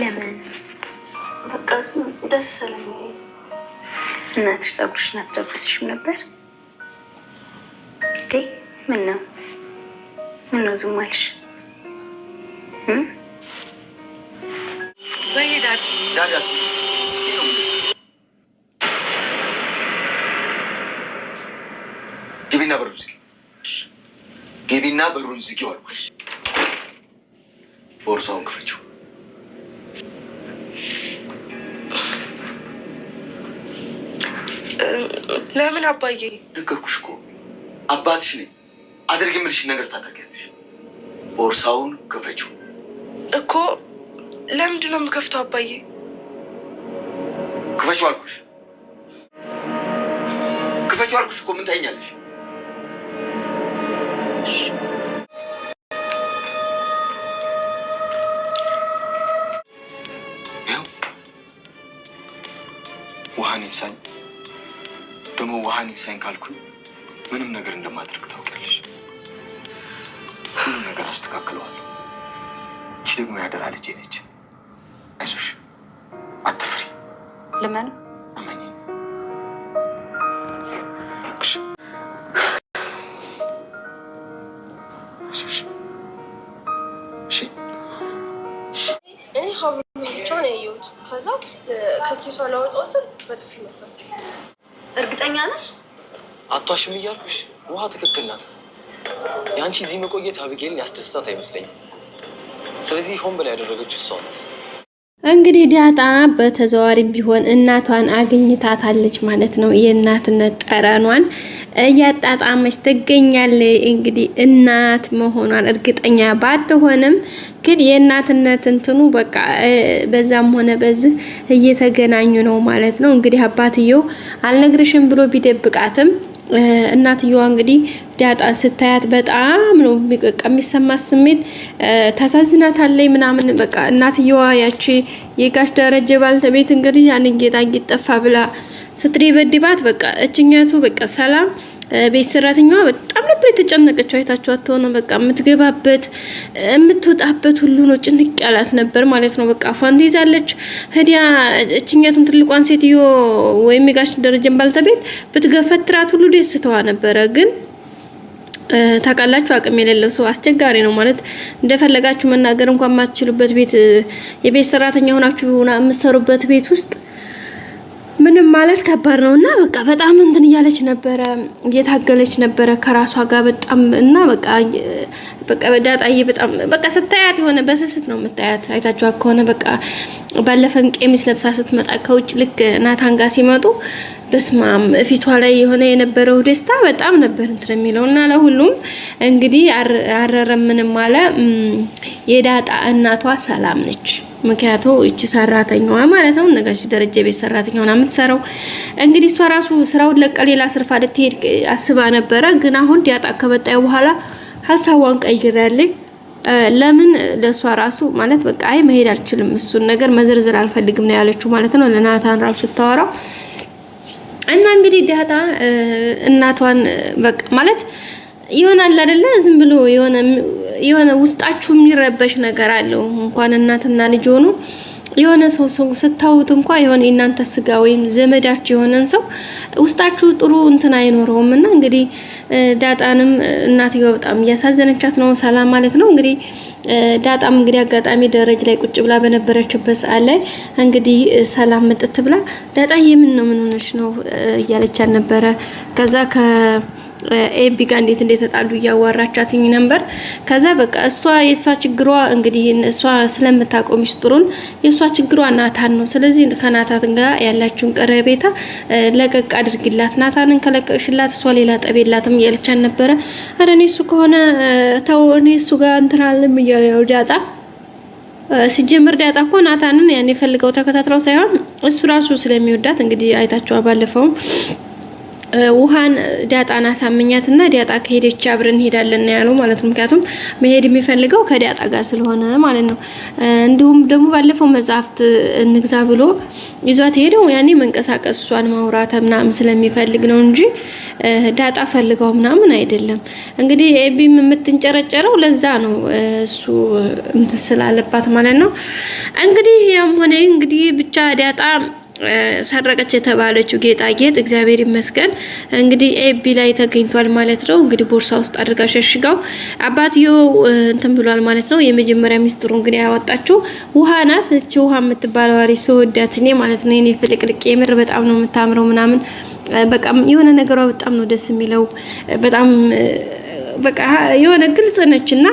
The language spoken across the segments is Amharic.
ለምን በቃ ደስ አለኝ። እናትሽ ፀጉርሽን አትደብስሽም ነበር እንዴ? ምን ነው ምን ነው ዝም አልሽ? ግቢና በሩን ዝጊ፣ ግቢና በሩን ዝጊ አልኩሽ። ቦርሳውን ክፈችው። ለምን አባዬ? ነገርኩሽ እኮ አባትሽ ነኝ። አድርግ የምልሽን ነገር ታደርጊያለሽ። ቦርሳውን ክፈችው። እኮ ለምንድን ነው የምከፍተው አባዬ? ክፈችው አልኩሽ። ክፈችው አልኩሽ እኮ ምን ታይኛለሽ? ውሃን ይንሳኝ ደግሞ ውሃን ሳይን ካልኩኝ ምንም ነገር እንደማድረግ ታውቂያለሽ። ሁሉም ነገር አስተካክለዋል። እቺ ደግሞ ያደራ ልጄ ነች። አይዞሽ፣ አትፍሪ። ልመን አመኝ እኔ ብቻ ነው ያየሁት። ከዛ ከኪሷ ላወጣው ስል በጥፊ መታች። እርግጠኛ ነሽ? አቷሽም እያልኩሽ ውሃ ትክክል ናት። የአንቺ እዚህ መቆየት አብጌልን ያስደስታት አይመስለኝም። ስለዚህ ሆን ብላ ያደረገችው እሷ ናት። እንግዲህ ዳጣ በተዘዋዋሪ ቢሆን እናቷን አግኝታታለች ማለት ነው። የእናትነት ጠረኗን እያጣጣመች ትገኛለች። እንግዲህ እናት መሆኗን እርግጠኛ ባትሆንም ግን የእናትነት እንትኑ በቃ በዛም ሆነ በዚህ እየተገናኙ ነው ማለት ነው። እንግዲህ አባትየው አልነግርሽም ብሎ ቢደብቃትም እናትየዋ እንግዲህ ዳጣ ስታያት በጣም ነው የሚሰማት ስሜት፣ ታሳዝናታለች ምናምን በቃ እናትየዋ ያቺ የጋሽ ደረጀ ባልተቤት እንግዲህ ያንን ጌጣጌጥ ጠፋ ብላ ስትደበድባት በቃ እችኛቱ በቃ ሰላም ቤት ሰራተኛዋ በጣም ነበር የተጨነቀችው። አይታችሁ አትሆነ በቃ የምትገባበት የምትወጣበት ሁሉ ነው ጭንቅ ያላት ነበር ማለት ነው። በቃ አፏን ትይዛለች ህዲያ እችኛቱም ትልቋን ሴትዮ ወይም የጋሽ ደረጀን ባልተቤት ብትገፈት ትራት ሁሉ ደስተዋ ነበረ ግን ታውቃላችሁ አቅም የሌለው ሰው አስቸጋሪ ነው ማለት እንደፈለጋችሁ መናገር እንኳን የማትችሉበት ቤት የቤት ሰራተኛ ሆናችሁ የምትሰሩበት ቤት ውስጥ ምንም ማለት ከባድ ነው እና በቃ በጣም እንትን እያለች ነበረ፣ እየታገለች ነበረ ከራሷ ጋር በጣም እና በቃ በቃ ዳጣዬ በጣም በቃ ስታያት የሆነ በስስት ነው የምታያት። አይታችኋት ከሆነ በቃ ባለፈም ቄሚስ ለብሳ ስትመጣ ከውጭ ልክ ናታን ጋር ሲመጡ በስማም ፊቷ ላይ የሆነ የነበረው ደስታ በጣም ነበር እንትን የሚለው እና ለሁሉም እንግዲህ አረረ ምንም አለ የዳጣ እናቷ ሰላም ነች። ምክንያቱ እቺ ሰራተኛዋ ማለት ነው ነጋሽ ደረጀ ቤት ሰራተኛ ሆና የምትሰራው እንግዲህ እሷ ራሱ ስራውን ለቀ ሌላ ስርፋ ልትሄድ አስባ ነበረ። ግን አሁን ዲያጣ ከመጣች በኋላ ሀሳቧን ቀይራለች። ለምን ለእሷ ራሱ ማለት በቃ አይ መሄድ አልችልም፣ እሱን ነገር መዘርዘር አልፈልግም ነው ያለችው ማለት ነው ለናታን ራሱ ስታወራው እና እንግዲህ ዲያጣ እናቷን በቃ ማለት ይሆናል አይደለ ዝም ብሎ የሆነ የሆነ ውስጣችሁ የሚረበሽ ነገር አለው። እንኳን እናትና ልጅ ሆኑ የሆነ ሰው ሰው ስታዩት እንኳ የሆነ የእናንተ ስጋ ወይም ዘመዳችሁ የሆነን ሰው ውስጣችሁ ጥሩ እንትን አይኖረውም። እና እንግዲህ ዳጣንም እናትየው በጣም እያሳዘነቻት ነው፣ ሰላም ማለት ነው። እንግዲህ ዳጣም እንግዲህ አጋጣሚ ደረጃ ላይ ቁጭ ብላ በነበረችበት ሰዓት ላይ እንግዲህ ሰላም ምጥት ብላ ዳጣ የምን ነው ምን ነው እያለቻት ነበረ ከዛ ከ ኤቢ ጋር እንዴት እንደተጣሉ እያዋራቻትኝ ነበር። ከዛ በቃ እሷ የእሷ ችግሯ እንግዲህ እሷ ስለምታውቀው ሚስጥሩን የእሷ ችግሯ ናታን ነው። ስለዚህ ከናታን ጋር ያላችሁን ቀረቤታ ለቀቅ አድርግላት። ናታንን ከለቀቅሽላት እሷ ሌላ ጠብ የላትም እያለቻን ነበረ። ኧረ እኔ እሱ ከሆነ ተው እኔ እሱ ጋር እንትናልም እያለው ዳጣ ሲጀምር ዳጣ እኮ ናታንን ያን የፈልገው ተከታትለው ሳይሆን እሱ ራሱ ስለሚወዳት እንግዲህ አይታችኋ ባለፈውም ውሃን ዳጣን አሳምኛት እና ዳጣ ከሄደች አብረን እንሄዳለን ያለው ማለት ነው። ምክንያቱም መሄድ የሚፈልገው ከዳጣ ጋር ስለሆነ ማለት ነው። እንዲሁም ደግሞ ባለፈው መጽሐፍት እንግዛ ብሎ ይዟት ሄደው ያኔ መንቀሳቀስ እሷን ማውራት ምናምን ስለሚፈልግ ነው እንጂ ዳጣ ፈልገው ምናምን አይደለም። እንግዲህ ኤቢም የምትንጨረጨረው ለዛ ነው እሱ እንትን ስላለባት ማለት ነው። እንግዲህ ያም ሆነ እንግዲህ ብቻ ዳጣ ሰረቀች የተባለችው ጌጣጌጥ እግዚአብሔር ይመስገን እንግዲህ ኤቢ ላይ ተገኝቷል ማለት ነው። እንግዲህ ቦርሳ ውስጥ አድርጋ ሸሽጋው አባትየው እንትን ብሏል ማለት ነው። የመጀመሪያ ሚስጥሩ እንግዲህ ያወጣችው ውሃ ናት። እቺ ውሃ የምትባለው አሪ ሰወዳት እኔ ማለት ነው። እኔ ፍልቅልቅ የምር በጣም ነው የምታምረው ምናምን በቃ የሆነ ነገሯ በጣም ነው ደስ የሚለው። በጣም በቃ የሆነ ግልጽ ነች እና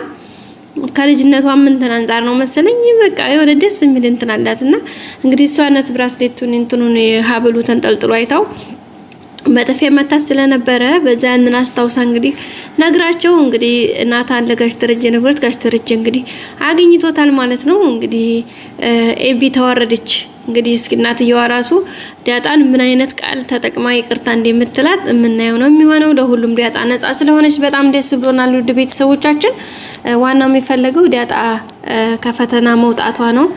ከልጅነቷ ምንትን አንጻር ነው መሰለኝ በቃ የሆነ ደስ የሚል እንትን አላት እና እንግዲህ እሷ ነት ብራስሌቱን እንትኑን ሀብሉ ተንጠልጥሎ አይታው በጥፊያ መታ ስለነበረ በዛ ያንን አስታውሳ እንግዲህ ነግራቸው እንግዲህ ናታን ለጋሽ ደረጀ ነግሮት ጋሽ ደረጀ እንግዲህ አግኝቶታል ማለት ነው። እንግዲህ ኤቢ ተዋረደች። እንግዲህ እስኪ እናትየዋ ራሱ ዳጣን ምን አይነት ቃል ተጠቅማ ይቅርታ እንደምትላት የምናየው ነው የሚሆነው። ለሁሉም ዳጣ ነጻ ስለሆነች በጣም ደስ ብሎናል። ውድ ቤተሰቦቻችን ዋናው የሚፈለገው ዳጣ ከፈተና መውጣቷ ነው።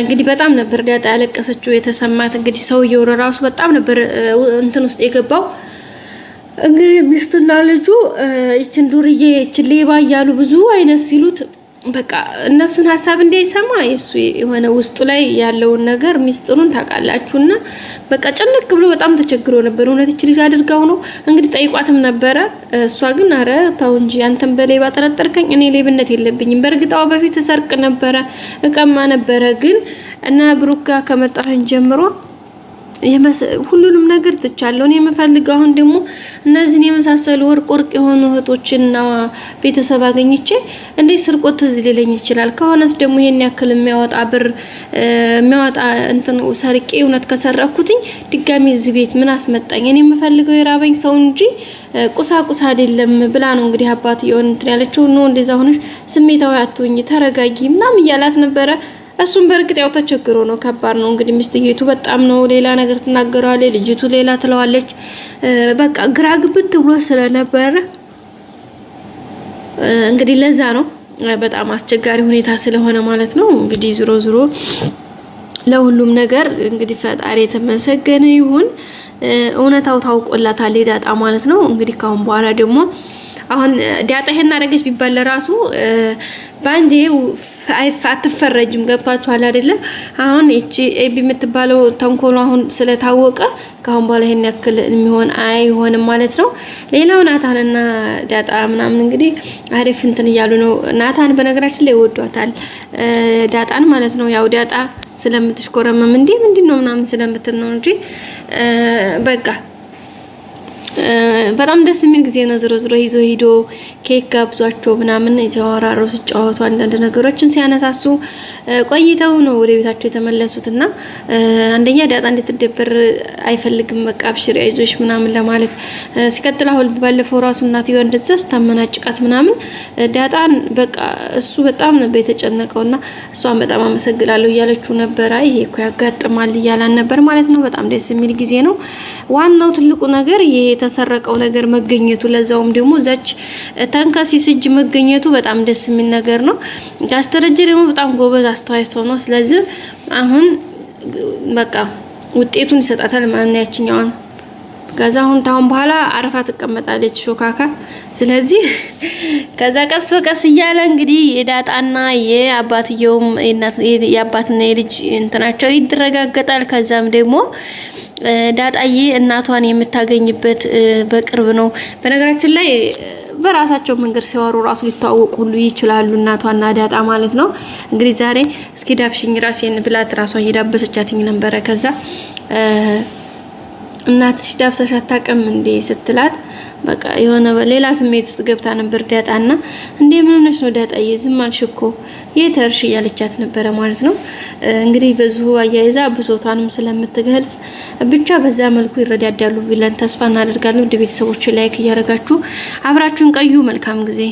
እንግዲህ በጣም ነበር ዳጣ ያለቀሰችው የተሰማት። እንግዲህ ሰውየው ራሱ በጣም ነበር እንትን ውስጥ የገባው። እንግዲህ ሚስትና ልጁ ይችን ዱርዬ ይችን ሌባ እያሉ ብዙ አይነት ሲሉት በቃ እነሱን ሀሳብ እንዳይሰማ የሱ የሆነ ውስጡ ላይ ያለውን ነገር ሚስጥሩን ታውቃላችሁ። እና በቃ ጭንቅ ብሎ በጣም ተቸግሮ ነበር። እውነትች ልጅ አድርጋው ነው እንግዲህ ጠይቋትም ነበረ። እሷ ግን አረ ተው እንጂ አንተን በሌባ ጠረጠርከኝ፣ እኔ ሌብነት የለብኝም። በእርግጣው በፊት እሰርቅ ነበረ፣ እቀማ ነበረ። ግን እና ብሩክ ጋር ከመጣሁኝ ጀምሮ ሁሉንም ነገር ትቻለሁ። እኔ የምፈልገው አሁን ደግሞ እነዚህን የመሳሰሉ ወርቅ ወርቅ የሆኑ እህቶችና ቤተሰብ አገኝቼ እንዴት ስርቆት ትዝ ሊለኝ ይችላል? ከሆነስ ደግሞ ይሄን ያክል የሚያወጣ ብር የሚያወጣ እንትን ሰርቄ እውነት ከሰረኩትኝ ድጋሚ እዚህ ቤት ምን አስመጣኝ? እኔ የምፈልገው የራበኝ ሰው እንጂ ቁሳቁስ አይደለም ብላ ነው እንግዲህ አባት የሆን እንትን ያለችው። ኖ እንደዛ ሆነሽ ስሜታዊ አትሁኝ፣ ተረጋጊ ምናምን እያላት ነበረ። እሱም በእርግጥ ያው ተቸግሮ ነው። ከባድ ነው እንግዲህ። ሚስትየቱ በጣም ነው ሌላ ነገር ትናገረዋለች፣ ልጅቱ ሌላ ትለዋለች። በቃ ግራ ግብት ብሎ ስለነበረ እንግዲህ ለዛ ነው በጣም አስቸጋሪ ሁኔታ ስለሆነ ማለት ነው። እንግዲህ ዝሮ ዝሮ ለሁሉም ነገር እንግዲህ ፈጣሪ የተመሰገነ ይሁን። እውነታው ታውቆላታል ዳጣ ማለት ነው። እንግዲህ ካሁን በኋላ ደግሞ አሁን ዳጣ ይሄን አደረገች ቢባል ለራሱ ባንዴ አትፈረጅም። ገብቷችኋል አይደለም አሁን እቺ ኤቢ የምትባለው ተንኮሉ አሁን ስለታወቀ ከአሁን በኋላ ይሄን ያክል የሚሆን አይሆንም ማለት ነው። ሌላው ናታንና ዳጣ ምናምን እንግዲህ አሪፍ እንትን እያሉ ነው። ናታን በነገራችን ላይ ወዷታል ዳጣን ማለት ነው። ያው ዳጣ ስለምትሽኮረመም እንዴ ምንድን ነው ምናምን ስለምትል ነው እንጂ በቃ በጣም ደስ የሚል ጊዜ ነው። ዝሮ ዝሮ ይዞ ሂዶ ኬክ ጋብዟቸው ምናምን የተዋራሩ ሲጫወቱ አንዳንድ ነገሮችን ሲያነሳሱ ቆይተው ነው ወደ ቤታቸው የተመለሱት እና አንደኛ ዳጣ እንድትደበር አይፈልግም። በቃ አብሽር አይዞሽ ምናምን ለማለት ሲቀጥል፣ አሁን ባለፈው ራሱ እናትየዋ እንደዛ ስታመናጭቃት ምናምን ዳጣን በቃ እሱ በጣም ነበር የተጨነቀው እና እሷን በጣም አመሰግናለሁ እያለችው ነበረ። ይሄ እኮ ያጋጥማል እያላን ነበር ማለት ነው። በጣም ደስ የሚል ጊዜ ነው። ዋናው ትልቁ ነገር ይሄ የተሰረቀው ነገር መገኘቱ ለዛውም ደግሞ እዛች ተንከሲስ እጅ መገኘቱ በጣም ደስ የሚል ነገር ነው። ጋሽ ደረጀ ደግሞ በጣም ጎበዝ አስተዋይ ሰው ነው። ስለዚህ አሁን በቃ ውጤቱን ይሰጣታል ማለት ነው ያችኛዋን ከዛ አሁን ታሁን በኋላ አረፋ ትቀመጣለች ሾካካ። ስለዚህ ከዛ ቀስ በቀስ እያለ እንግዲህ የዳጣና የአባትየውም የአባትና የልጅ እንትናቸው ይረጋገጣል። ከዛም ደግሞ ዳጣዬ እናቷን የምታገኝበት በቅርብ ነው። በነገራችን ላይ በራሳቸው መንገድ ሲያወሩ ራሱ ሊተዋወቁ ሁሉ ይችላሉ፣ እናቷና ዳጣ ማለት ነው። እንግዲህ ዛሬ እስኪ ዳብሽኝ ራሴን ብላት ራሷን እየዳበሰቻትኝ ነበረ። ከዛ እናትሽ ዳብሰሽ አታውቅም እንዴ ስትላት በቃ የሆነ ሌላ ስሜት ውስጥ ገብታ ነበር ዳጣና። እንዴ ምን ሆነሽ ነው ዳጣዬ? ዝም አልሽ እኮ የት እርሽ እያለቻት ነበረ ማለት ነው። እንግዲህ በዚሁ አያይዛ ብሶቷንም ስለምትገልጽ ብቻ በዛ መልኩ ይረዳዳሉ ብለን ተስፋ እናደርጋለን። ውድ ቤተሰቦች ላይክ እያደረጋችሁ አብራችሁን ቀዩ። መልካም ጊዜ